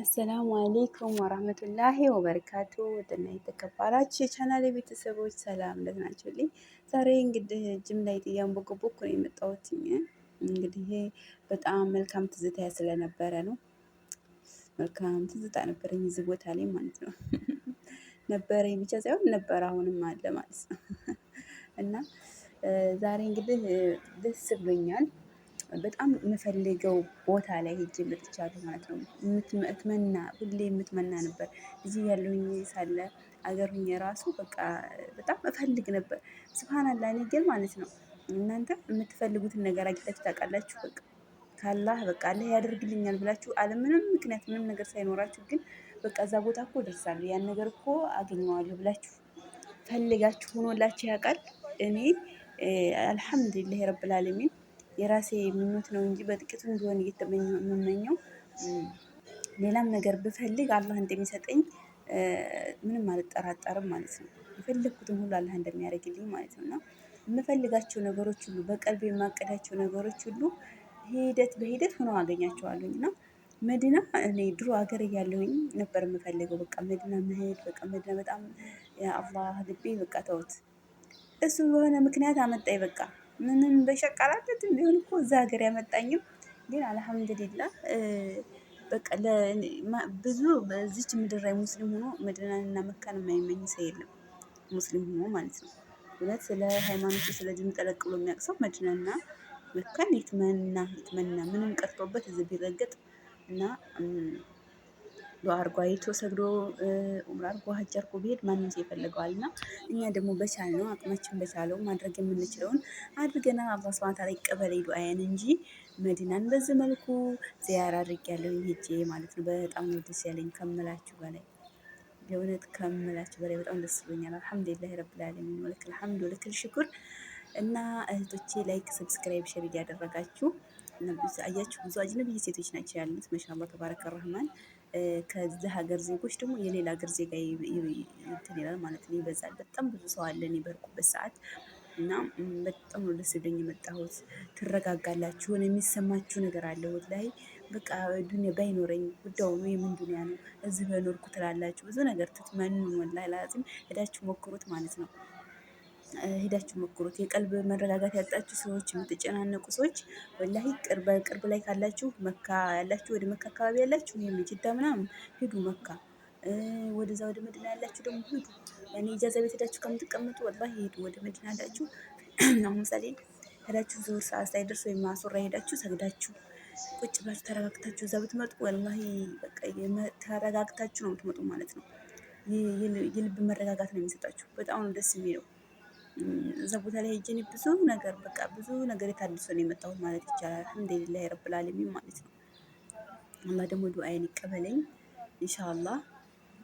አሰላሙ አሌይኩም ወራህመቱላሂ ወበረካቱ ውድና የተከበራችሁ የቻናል ቤተሰቦች ሰላም እንደት ናችሁልኝ? ዛሬ እንግዲህ ጅም ላይ ጥያም ቦኮቦኮ ነው የመጣሁት። እንግዲህ በጣም መልካም ትዝታ ስለነበረ ነው። መልካም ትዝታ ነበረኝ እዚህ ቦታ ላይ ማለት ነው። ነበረኝ ብቻ ሳይሆን ነበረ፣ አሁንም አለ ማለት ነው። እና ዛሬ እንግዲህ ደስ ብሎኛል። በጣም የምፈልገው ቦታ ላይ ሄጅ መጥቻለሁ ማለት ነው። የምትመና ሁሌ የምትመና ነበር እዚህ ያለሁኝ ሳለ አገር ሁኜ ራሱ በቃ በጣም እፈልግ ነበር። ስብሃናላ ግን ማለት ነው እናንተ የምትፈልጉትን ነገር አግኝታችሁ ታውቃላችሁ? በቃ ካላህ በቃ አላህ ያደርግልኛል ብላችሁ አለምንም ምክንያት ምንም ነገር ሳይኖራችሁ ግን በቃ እዛ ቦታ እኮ ደርሳለሁ ያን ነገር እኮ አገኘዋለሁ ብላችሁ ፈልጋችሁ ሆኖላችሁ ያውቃል? እኔ አልሐምዱሊላህ ረብል የራሴ ምኞት ነው እንጂ በጥቂቱም ቢሆን የምመኘው ሌላም ነገር ብፈልግ አላህ እንደሚሰጠኝ ምንም አልጠራጠርም ማለት ነው። የፈለግኩትን ሁሉ አላህ እንደሚያደርግልኝ ማለት ነው። እና የምፈልጋቸው ነገሮች ሁሉ በቀልብ የማቀዳቸው ነገሮች ሁሉ ሂደት በሂደት ሆነው አገኛቸዋለሁኝ እና መዲና እኔ ድሮ ሀገር እያለሁኝ ነበር የምፈልገው። በቃ መዲና መሄድ በቃ መዲና በጣም አላህ ልቤ በቃ ተውት። እሱ በሆነ ምክንያት አመጣኝ በቃ ምንም በሸቃላነትም ቢሆን እኮ እዛ ሀገር ያመጣኝም ግን አልሐምድሊላ በቃ ብዙ በዚች ምድር ላይ ሙስሊም ሆኖ መዲናንና መካን የማይመኝ ሰው የለም። ሙስሊም ሆኖ ማለት ነው። እውነት ስለ ሃይማኖቱ ስለ ድን ጠለቅ ብሎ የሚያቅሰው መድናና መካን የትመና የትመና ምንም ቀርቶበት እዚህ ቢረገጥ እና ዱዓ አድርጎ አይቶ ሰግዶ ኡምራ አድርጎ ሀጅ አድርጎ ቢሄድ ማንም ሰው ይፈልገዋል። እና እኛ ደግሞ በቻልነው አቅማችን በቻለው ማድረግ የምንችለውን አድርገና አላህ ስብሐት ላይ ይቀበለኝ ዱዓዬን እንጂ መዲናን በዚህ መልኩ ዚያራ ያለው ሄጄ ማለት ነው። በጣም ነው ደስ ያለኝ ከምላችሁ በላይ የእውነት ከምላችሁ በላይ በጣም ደስ ብሎኛል። አልሐምዱሊላህ ረብል ዓለሚን ሐምድ ወለከል ሽኩር እና እህቶቼ ላይክ፣ ሰብስክራይብ፣ ሸር እያደረጋችሁ አያችሁ ብዙ አጅነብይ ሴቶች ናቸው ያሉት። መሻላ ተባረከ ረህማን ከዚህ ሀገር ዜጎች ደግሞ የሌላ ሀገር ዜጋ እንትን ይላል ማለት ነው፣ ይበዛል። በጣም ብዙ ሰው አለ እኔ በርኩበት ሰዓት እና በጣም ነው ደስ ብሎኝ የመጣሁት። ትረጋጋላችሁ፣ ሆነ የሚሰማችሁ ነገር አለ። ወት ላይ በቃ ዱኒያ ባይኖረኝ ጉዳዩ የምን ዱኒያ ነው እዚህ በኖርኩ ትላላችሁ። ብዙ ነገር ትትመኑ ወላሂ ላዚም ሄዳችሁ ሞክሩት ማለት ነው። ሄዳችሁ ሞክሩት። የቀልብ መረጋጋት ያጣችሁ ሰዎች፣ የምትጨናነቁ ሰዎች ወላሂ ቅርብ ላይ ካላችሁ መካ ያላችሁ ወደ መካ አካባቢ ያላችሁ ወይም ጅዳ ምናምን ሂዱ መካ ወደዛ ወደ መዲና ያላችሁ ደግሞ ሂዱ። እኔ ኢጃዛ ቤት ሄዳችሁ ከምትቀመጡ ወላ ሂዱ ወደ መዲና ያላችሁ። አሁን ምሳሌ ሄዳችሁ ዙር ሰዓት ሳይደርስ ወይም አሱራ ሄዳችሁ ሰግዳችሁ ቁጭ ብላችሁ ተረጋግታችሁ እዛ ብትመጡ ወላ ተረጋግታችሁ ነው የምትመጡ ማለት ነው። የልብ መረጋጋት ነው የሚሰጣችሁ። በጣም ነው ደስ የሚለው። እዛ ቦታ ላይ ሄጄ ብዙ ነገር በቃ ብዙ ነገር የታድሶ ነው የመጣሁት ማለት ይቻላል። አልሐምዱሊላህ ረብል ዓለሚን ማለት ነው። አላህ ደግሞ ዱዓዬን ይቀበለኝ ኢንሻአላህ።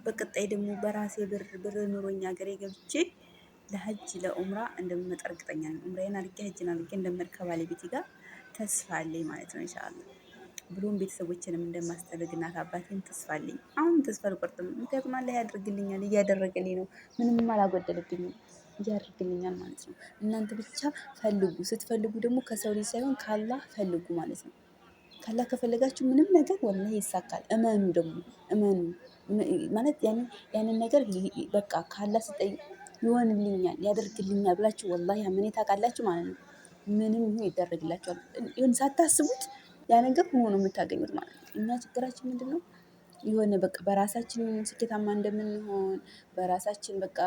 በቀጣይ ደግሞ በራሴ ብር ብር ኑሮኝ ሀገሬ ገብቼ ለሀጅ ለኡምራ እንደምመጣ እርግጠኛ ነኝ። ኡምራዬን አድርጌ ሀጅን አድርጌ እንደምመር ከባለቤቴ ጋር ተስፋ አለኝ ማለት ነው ኢንሻአላህ። ብሎም ቤተሰቦችንም እንደማስተዳደግ እናት አባቴን ተስፋ አለኝ። አሁን ተስፋ አልቆርጥም፣ ምክንያቱም አላህ ያደርግልኛል፣ እያደረገልኝ ነው። ምንም አላጎደለብኝም። ያደርግልኛል ማለት ነው። እናንተ ብቻ ፈልጉ። ስትፈልጉ ደግሞ ከሰው ልጅ ሳይሆን ካላህ ፈልጉ ማለት ነው። ካላህ ከፈለጋችሁ ምንም ነገር ወላሂ ይሳካል። እመኑ ደግሞ እመኑ ማለት ያንን ነገር በቃ ካላህ ስጠይቅ ይሆንልኛል ያደርግልኛል ብላችሁ ወላሂ አመኔ ካላችሁ ማለት ነው ምንም ይሁን ይደረግላችኋል። ይሁን ሳታስቡት ያ ነገር ሆኖ የምታገኙት ማለት ነው። እኛ ችግራችን ምንድን ነው? የሆነ በቃ በራሳችን ስኬታማ እንደምንሆን በራሳችን በቃ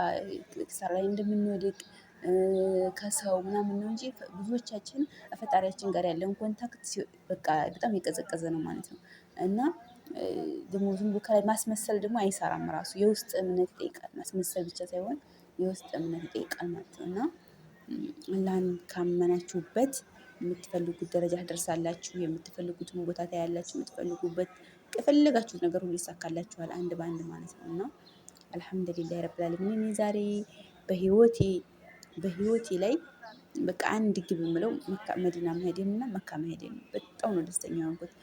ኪሳራ ላይ እንደምንወድቅ ከሰው ምናምን ነው እንጂ ብዙዎቻችን ፈጣሪያችን ጋር ያለን ኮንታክት በቃ በጣም የቀዘቀዘ ነው ማለት ነው። እና ደግሞ ዝም ብሎ ከላይ ማስመሰል ደግሞ አይሰራም። ራሱ የውስጥ እምነት ይጠይቃል። ማስመሰል ብቻ ሳይሆን የውስጥ እምነት ይጠይቃል ማለት ነው። እና አላህን ካመናችሁበት የምትፈልጉት ደረጃ ትደርሳላችሁ። የምትፈልጉትን ቦታ ታያላችሁ። የምትፈልጉበት የፈለጋችሁት ነገር ሁሉ ይሳካላችኋል፣ አንድ በአንድ ማለት ነው። እና አልሐምዱሊላ ረብል እኔ ዛሬ በህይወቴ በህይወቴ ላይ በቃ አንድ ግብ የምለው መዲና መሄዴን እና መካ መሄዴን በጣም ነው ደስተኛ ሆንኩት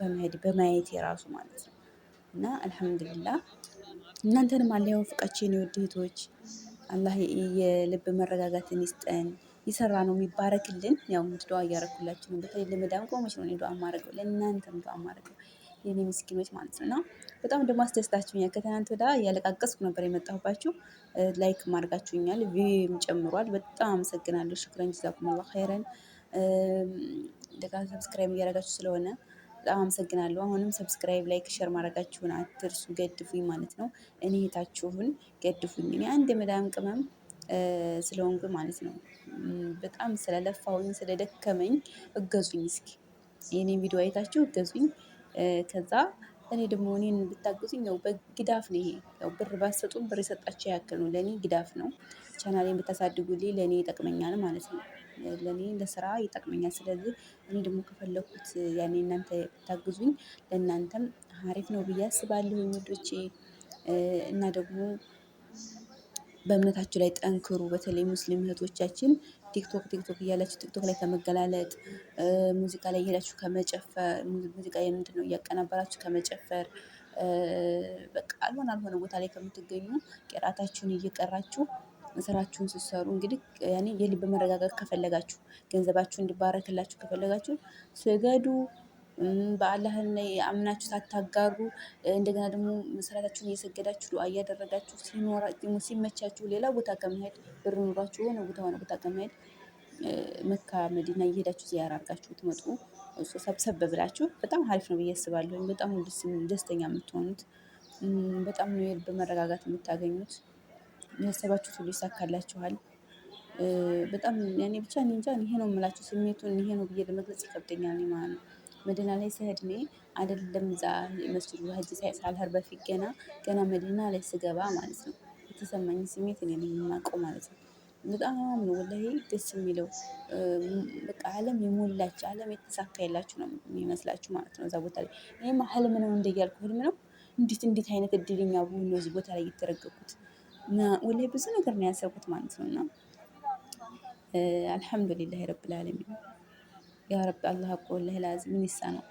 በመሄድ በማየት የራሱ ማለት ነው። እና አልሐምዱሊላ እናንተንም አላህ ያወፍቃችሁ የውድ እህቶች፣ አላህ የልብ መረጋጋትን ይስጠን። ይሰራ ነው የሚባረክልን። ያው እንግዲህ እያረኩላችሁ ነው። በተለይ ለመዳም ቆመች ነው ዱዓ ማድረገው ለእናንተም ዱዓ ማድረገው የኔ ምስኪኖች ማለት ነው። እና በጣም ደግሞ አስደስታችሁኛል። ከትናንት ወዳ እያለቃቀስኩ ነበር የመጣሁባችሁ። ላይክ ማድረጋችሁኛል፣ ቪም ጨምሯል። በጣም አመሰግናለሁ። ሽክረን ጅዛኩሙላ ኸይረን። እንደገና ሰብስክራይብ እያደረጋችሁ ስለሆነ በጣም አመሰግናለሁ። አሁንም ሰብስክራይብ፣ ላይክ፣ ሸር ማድረጋችሁን አትርሱ። ገድፉኝ ማለት ነው። እኔ እህታችሁን ገድፉኝ። እኔ አንድ የመዳም ቅመም ስለሆንኩ ማለት ነው። በጣም ስለለፋሁኝ ስለደከመኝ እገዙኝ። እስኪ የኔ ቪዲዮ አይታችሁ እገዙኝ። ከዛ እኔ ደግሞ እኔን ብታግዙኝ ያው በግዳፍ ነው ይሄ ያው ብር ባሰጡም ብር የሰጣቸው ያክል ነው። ለእኔ ግዳፍ ነው። ቻናሌን ብታሳድጉልኝ ለእኔ ይጠቅመኛል ማለት ነው። ለእኔ ለስራ ይጠቅመኛል። ስለዚህ እኔ ደግሞ ከፈለኩት ያኔ እናንተ ብታግዙኝ ለእናንተም አሪፍ ነው ብዬ አስባለሁ ውዶቼ። እና ደግሞ በእምነታችሁ ላይ ጠንክሩ። በተለይ ሙስሊም እህቶቻችን ቲክቶክ ቲክቶክ እያላችሁ ቲክቶክ ላይ ከመገላለጥ ሙዚቃ ላይ እያላችሁ ከመጨፈር ሙዚቃ የምንድን ነው እያቀናበራችሁ ከመጨፈር በቃ አልሆን አልሆነ ቦታ ላይ ከምትገኙ ቄራታችሁን እየቀራችሁ ስራችሁን ስትሰሩ እንግዲህ ያኔ የልብ መረጋጋት ከፈለጋችሁ ገንዘባችሁ እንዲባረክላችሁ ከፈለጋችሁ ስገዱ። በአላህን ላይ አምናችሁ ሳታጋሩ እንደገና ደግሞ መሰላታችሁን እየሰገዳችሁ ዱዓ እያደረጋችሁ ሲመቻችሁ ሌላ ቦታ ከመሄድ ብር ኑሯችሁ የሆነ ቦታ ሆነ ቦታ ከመሄድ መካ መዲና እየሄዳችሁ ዚያራ አድርጋችሁ ትመጡ ሰብሰብ ብላችሁ በጣም ሀሪፍ ነው ብዬ አስባለሁ። በጣም ደስተኛ የምትሆኑት በጣም ነው የልብ መረጋጋት የምታገኙት። ያሰባችሁት ሁሉ ይሳካላችኋል። በጣም ያኔ ብቻ እንጃ ይሄ ነው የምላችሁ ስሜቱን ይሄ ነው ብዬ ለመግለጽ ይከብደኛል ማለት ነው። መዲና ላይ ስሄድ እኔ አይደለም እዛ መስጅዱ ህጅ ሳልሄድ በፊት ገና ገና መዲና ላይ ስገባ ማለት ነው የተሰማኝ ስሜት እኔ የምናውቀው ማለት ነው። በጣም ነው ወላሂ ደስ የሚለው በቃ አለም የሞላች አለም የተሳካላችሁ ነው የሚመስላችሁ ማለት ነው። እዛ ቦታ ላይ እኔማ ህልም ነው እንደ እያልኩ ህልም ነው እንዴት እንዴት አይነት እድለኛ ብሆን ነው እዚህ ቦታ ላይ የተረገኩት እና ወላሂ ብዙ ነገር ነው ያሰብኩት ማለት ነው። እና አልሐምዱሊላህ ረብል ዓለሚን يا رب الله أقول له لازم من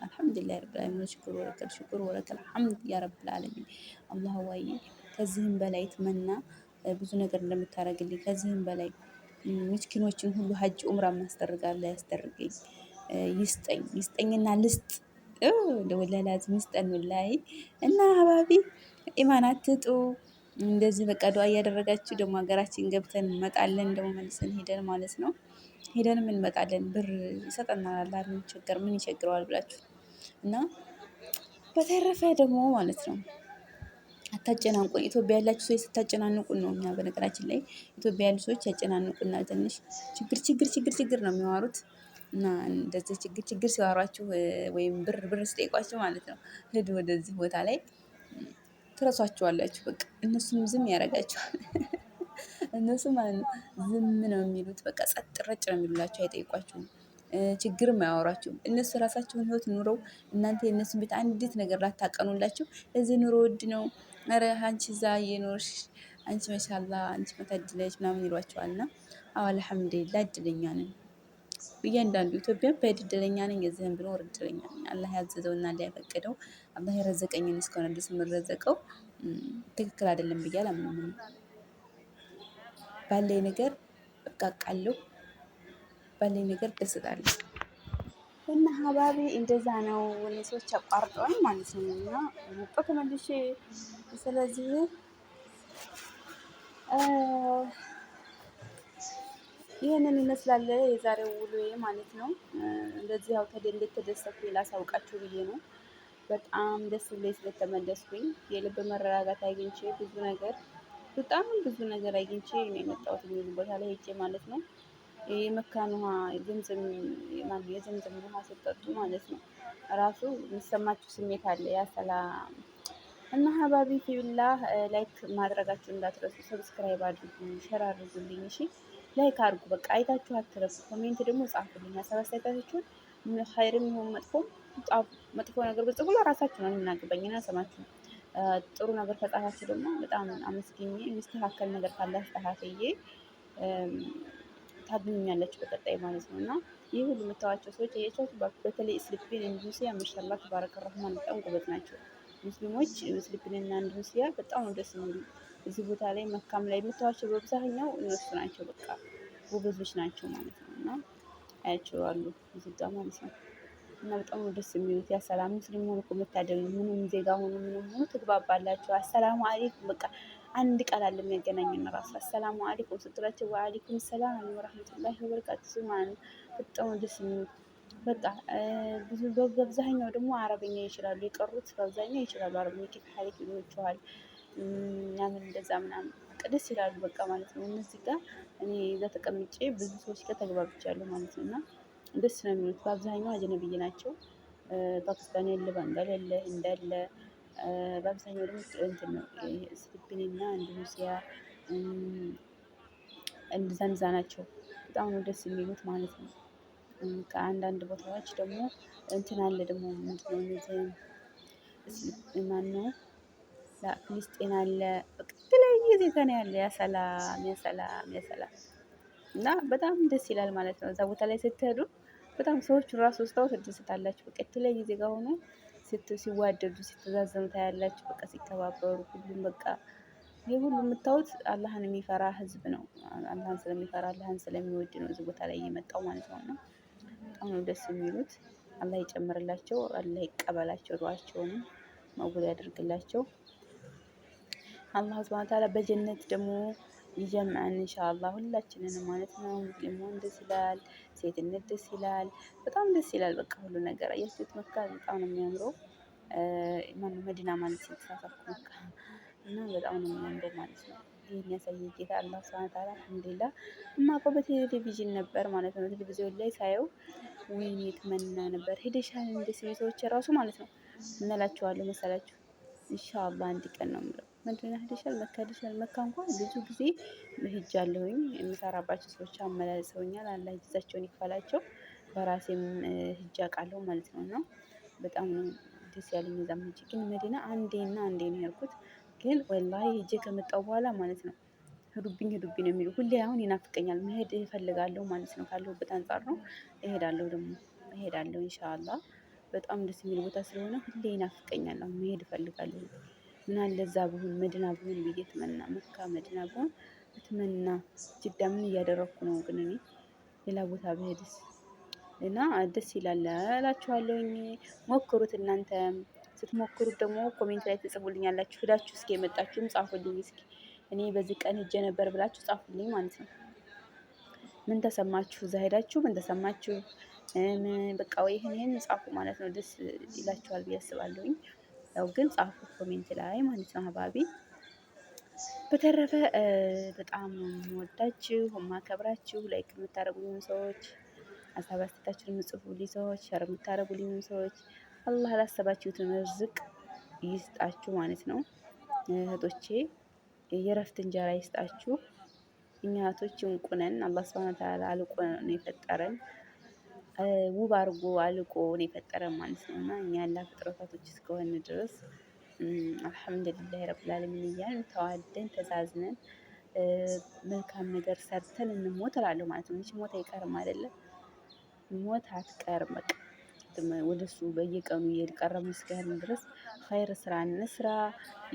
الحمد لله رب العالمين شكر ولك الشكر ولك الحمد يا رب العالمين الله ከዚህም በላይ ትመና ብዙ ነገር እንደምታደርግልኝ ከዚህም በላይ ምስኪኖችን ሁሉ ሀጅ ኡምራ ማስደርጋለሁ ያስደርገኝ ይስጠኝ ይስጠኝና ልስጥ ወላሂ ይስጠን። ወላሂ እና አባቢ ኢማናት ትጡ እንደዚህ በቃ ዱአ እያደረጋችሁ ደግሞ ሀገራችን ገብተን እንመጣለን። ደግሞ መልሰን ሄደን ማለት ነው ሄደንም እንመጣለን። ብር ይሰጠናል አላህ ምን ቸገር ምን ይቸግረዋል ብላችሁ እና በተረፈ ደግሞ ማለት ነው አታጨናንቁን። ኢትዮጵያ ያላችሁ ሰዎች ስታጨናንቁን ነው። እኛ በነገራችን ላይ ኢትዮጵያ ያሉ ሰዎች ያጨናንቁናል። ትንሽ ችግር ችግር ችግር ችግር ነው የሚዋሩት እና እንደዚህ ችግር ችግር ሲዋሯችሁ ወይም ብር ብር ስጠይቋችሁ ማለት ነው ሂድ ወደዚህ ቦታ ላይ ትረሷቸዋላችሁ። በቃ እነሱም ዝም ያደርጋቸዋል። እነሱ ማለት ነው ዝም ነው የሚሉት። በቃ ጸጥ ረጭ ነው የሚሉላቸው። አይጠይቋቸውም። ችግርም የማያወራቸውም እነሱ የራሳቸውን ህይወት ኑረው እናንተ የእነሱን ቤት አንዲት ነገር ላታቀኑላቸው። እዚህ ኑሮ ውድ ነው፣ ኧረ አንቺ እዛ እየኖርሽ አንቺ መሻላ አንቺ መታድለች ምናምን ይሏቸዋልና፣ አዎ አልሐምዱሊላ እድለኛ ነን። እያንዳንዱ ኢትዮጵያ በድድለኛ ነኝ የዚህም ብሎ እድለኛ ነኝ አላህ ያዘዘው እና አላህ ያፈቀደው አላህ የረዘቀኝን እስከሆነ ድረስ የምረዘቀው ትክክል አይደለም ብዬ አላምንም። ባለኝ ነገር እቃቃለሁ፣ ባለኝ ነገር ደስታለሁ። እና ሀባቢ እንደዛ ነው። ሰዎች አቋርጠዋል ማለት ነው እና መጣ ተመልሼ ስለዚህ ይህንን ይመስላል የዛሬው ውሎዬ ማለት ነው። እንደዚህ ያው እንደተደሰትኩ ላሳውቃችሁ ብዬ ነው። በጣም ደስ ብሎኝ ስለተመለስኩኝ የልብ መረጋጋት አግኝቼ ብዙ ነገር በጣም ብዙ ነገር አግኝቼ የመጣሁት የሚሉ ቦታ ላይ ሄጄ ማለት ነው። የመካን ውሃ ዝምዝም የዝምዝም ውሃ ስጠጡ ማለት ነው ራሱ የሚሰማችሁ ስሜት አለ። ያሰላ እና ሀባቢ ፊላ ላይክ ማድረጋችሁ እንዳትረሱ፣ ሰብስክራይብ አድርጉ፣ ሸር አድርጉልኝ እሺ። ላይክ አድርጉ። በቃ አይታችሁ አትረሱ። ኮሜንት ደግሞ ጻፉልኝ ሀሳብ አስተያየታችሁን። ሀይርም ይሁን መጥፎ መጥፎ ነገር ብጽፉ ራሳችሁ ነው የምናገባኝ ና ሰማችሁ። ጥሩ ነገር ከጻፋችሁ ደግሞ በጣም አመስግኜ የሚስተካከል ነገር ካላችሁ አስተካክዬ ታገኙኛለች በቀጣይ ማለት ነው። እና ይህ ሁሉ የምታዋቸው ሰዎች ያያቸዋቸው በተለይ ስልፕን እንዱሲያ መሻላ ተባረከ ረህማን በጣም ጎበዝ ናቸው። ሙስሊሞች እና እንዱሲያ በጣም ደስ የሚሉ እዚህ ቦታ ላይ መካም ላይ የምታዋቸው በብዛኛው እነሱ ናቸው። በቃ ጎበዞች ናቸው ማለት ነው። እና አያቸዋሉ እዚህ ጋር ማለት ነው። እና በጣም ደስ የሚሉት ያሰላም ሙስሊም ሆኖ እኮ መታደል ነው። ምንም ዜጋ ሆኑ ምንም ሆኑ ትግባባላቸው። አሰላሙ አሌይኩም በቃ አንድ ቃል አለ የሚያገናኘን ራሱ አሰላሙ አሌይኩም ስትላቸው ወአሌይኩም ሰላም ወረህመቱላሂ ወበረካቱሁ ማለት ነው። በጣም ደስ የሚሉት በቃ ብዙ በአብዛኛው ደግሞ አረበኛ ይችላሉ። የቀሩት በአብዛኛው ይችላሉ አረበኛ ኪታብ ሀሪፍ ይችላል ምናምን እንደዛ ምናምን ቅደስ ይላሉ በቃ ማለት ነው። እነዚህ ጋር እኔ እዛ ተቀምጬ ብዙ ሰዎች ጋር ተግባብቻለሁ ማለት ነው። እና ደስ ነው የሚሉት በአብዛኛው አጀነብዬ ናቸው። ፓኪስታን ያለ፣ ባንጋል ያለ፣ ህንድ አለ። በአብዛኛው ደግሞ እንትን ነው ስሊፒንና ኢንዶኔሲያ እንደዛ ናቸው። በጣም ነው ደስ የሚሉት ማለት ነው። ከአንዳንድ ቦታዎች ደግሞ እንትን አለ ደግሞ ምንድነው ማነው ፍልስጤን አለ፣ የተለያየ ዜጋ ነው ያለ። ያሰላም ያሰላም ያሰላም እና በጣም ደስ ይላል ማለት ነው። እዛ ቦታ ላይ ስትሄዱ በጣም ሰዎቹ ራሱ ስታው ትደሰታላችሁ። በቃ የተለያየ ዜጋ ሆነ ሲዋደዱ ሲተዛዘኑ ታያላችሁ። በቃ ሲከባበሩ ሁሉም በቃ ይህ ሁሉ የምታዩት አላህን የሚፈራ ህዝብ ነው። አላህን ስለሚፈራ አላህን ስለሚወድ ነው እዚህ ቦታ ላይ የመጣው ማለት ነው። እና በጣም ነው ደስ የሚሉት። አላህ ይጨምርላቸው፣ አላህ ይቀበላቸው፣ ዱዓቸውንም መውደድ ያደርግላቸው። አላህ ሱብሃነሁ ወተዓላ በጀነት ደግሞ ይጀምዐን ኢንሻአላህ ሁላችንን ማለት ነው። ሙስሊም ደስ ይላል፣ ሴትነት ደስ ይላል፣ በጣም ደስ ይላል። በቃ ሁሉ ነገር የሴት መካ በጣም ነው የሚያምረው። ማን መዲና ማለት ነው መካ እና በጣም ነው የሚያምረው ማለት ነው። ይህን ያሳየ ጌታ አላህ ሱብሃነሁ ወተዓላ አልሐምዱሊላህ። እማቆ በቴሌቪዥን ነበር ማለት ነው። ቴሌቪዥን ላይ ሳየው ወይኔ የተመና ነበር። ሄደሻል እንደ ስሜቶች ራሱ ማለት ነው። እንላችኋለሁ መሰላችሁ። ኢንሻአላህ አንድ ቀን ነው የምለው መዲና ሄደሻል? መካ ሄደሻል? መካ እንኳን ብዙ ጊዜ ሄጃለሁኝ። የምሰራባቸው ሰዎች አመላልሰውኛል። አላህ ጊዜያቸውን ይክፈላቸው። በራሴም ሂጅ አውቃለሁ ማለት ነው እና በጣም ነው ደስ ያለኝ። እዛም ሂጅ ግን መዲና አንዴና አንዴ ነው ያልኩት። ግን ወላሂ ሂጄ ከመጣሁ በኋላ ማለት ነው ሄዱብኝ ሄዱብኝ ነው የሚሉ ሁሌ አሁን ይናፍቀኛል። መሄድ እፈልጋለሁ ማለት ነው። ካለሁበት አንጻር ነው እሄዳለሁ፣ ደግሞ እሄዳለሁ ኢንሻአላህ። በጣም ደስ የሚል ቦታ ስለሆነ ሁሌ ይናፍቀኛል። አሁን መሄድ እፈልጋለሁ። እና ለዛ ብሆን መድና ብሆን ብዬ ትመና መካ መድና ብሆን ትመና ጅዳ ምን እያደረግኩ ነው? ግን እኔ ሌላ ቦታ ብሄድስ እና ደስ ይላል እላችኋለሁኝ። ሞክሩት እናንተ ስትሞክሩት ደግሞ ኮሜንት ላይ ትጽፉልኝ ያላችሁ ሄዳችሁ እስኪ የመጣችሁም ጻፉልኝ እስኪ እኔ በዚህ ቀን ሄጄ ነበር ብላችሁ ጻፉልኝ ማለት ነው። ምን ተሰማችሁ? እዛ ሄዳችሁ ምን ተሰማችሁ? በቃ ወይ ይህን ይህን ጻፉ ማለት ነው። ደስ ይላችኋል ብዬ አስባለሁኝ። ያው ግን ጻፉ ኮሜንት ላይ ማለት ነው አባቢ። በተረፈ በጣም የምወዳችሁ የማከብራችሁ፣ ላይክ የምታደርጉልኝ ሰዎች፣ ሀሳብ አስተያየታችሁን የምጽፉልኝ ሰዎች፣ ሸር የምታደርጉልኝ ሰዎች አላህ ላሰባችሁትን ርዝቅ ይስጣችሁ ማለት ነው። እህቶቼ የረፍት እንጀራ ይስጣችሁ። እኛ እህቶች እንቁነን አላህ ስብሃነ ተዓላ አልቆ ነው የፈጠረን። ውብ አድርጎ አልቆ ነው የፈጠረን ማለት ነው። እና እኛ ያላ ፍጥረታቶች እስከሆነ ድረስ አልሐምዱሊላህ ረብልዓለሚን እያልን ተዋደን ተዛዝነን መልካም ነገር ሰርተን እንሞት እላለሁ ማለት ነው። ሞት አይቀርም አይደለም፣ ሞት አትቀርም። በቃ ወደ እሱ በየቀኑ እየቀረብን እስከሆነ ድረስ ኸይር ስራ እንስራ።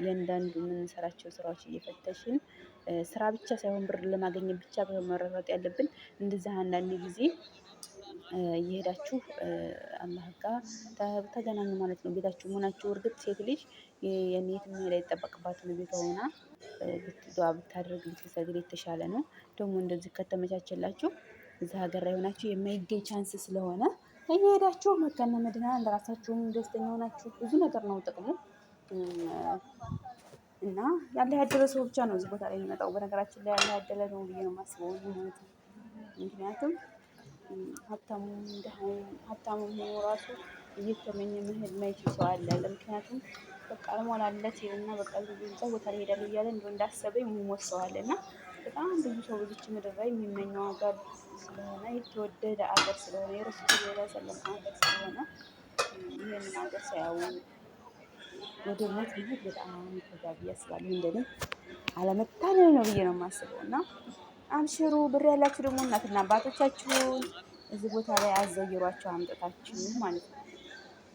እያንዳንዱ የምንሰራቸው ስራዎች እየፈተሽን ስራ ብቻ ሳይሆን ብር ለማገኘት ብቻ መረራት ያለብን እንደዚህ አንዳንድ ጊዜ እየሄዳችሁ አላህ ጋር ተገናኙ ማለት ነው። ቤታችሁ መሆናችሁ እርግጥ ሴት ልጅ የኔት መሄድ አይጠበቅባትም። ቤቷ ሆና ዱዓ ብታደርግ ብትሰግድ የተሻለ ነው። ደግሞ እንደዚህ ከተመቻቸላችሁ እዛ ሀገር ላይ ሆናችሁ የማይገኝ ቻንስ ስለሆነ እየሄዳችሁ መካና መድና ለራሳችሁም ደስተኛ ሆናችሁ ብዙ ነገር ነው ጥቅሙ። እና ያለ ያደለ ሰው ብቻ ነው እዚህ ቦታ ላይ የሚመጣው። በነገራችን ላይ ያለ ያደለ ነው ብዬ ነው የማስበው። ምክንያቱም ሀብታሙ ሆኖ ራሱ እየተመኘ መሄድ ማየት ሰው አለ። ምክንያቱም በቃ እሞላለት እና በቃ ብዙ እዛ ቦታ ላይ ሄዳለሁ እያለ እንደው እንዳሰበ ይሞሰዋል እና በጣም ብዙ ሰው ብዙች ምድር ላይ የሚመኘው ሀገር ስለሆነ የተወደደ አገር ስለሆነ የረሱል ላ ሰለም ሀገር ስለሆነ ይህን ሀገር ሳያው ወደ ሞት መሄድ በጣም ተዛቢ ያስባል። እንደኔ አለመታደል ነው ብዬ ነው የማስበው እና አብሽሩ ብር ያላችሁ ደግሞ እናትና አባቶቻችሁን እዚህ ቦታ ላይ አዘይሯቸው አምጥታችሁ ማለት ነው።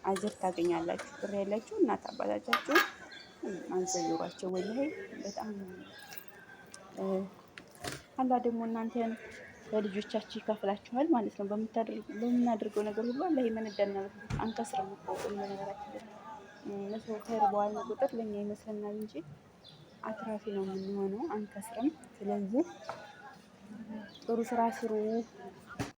አጀር ታገኛላችሁ። ብር ያላችሁ እናት አባቶቻችሁን አዘይሯቸው። ወላሂ በጣም አላ ደግሞ እናንተን ለልጆቻችሁ ይከፍላችኋል ማለት ነው። በምናደርገው ነገር ሁሉ አላ የመነዳና አንከስረም እኮ ነገራችን ለሰው ከይር በዋልን ቁጥር ለእኛ ይመስለናል እንጂ አትራፊ ነው የምንሆነው፣ አንከስረም። ስለዚህ ጥሩ ስራ ስሩ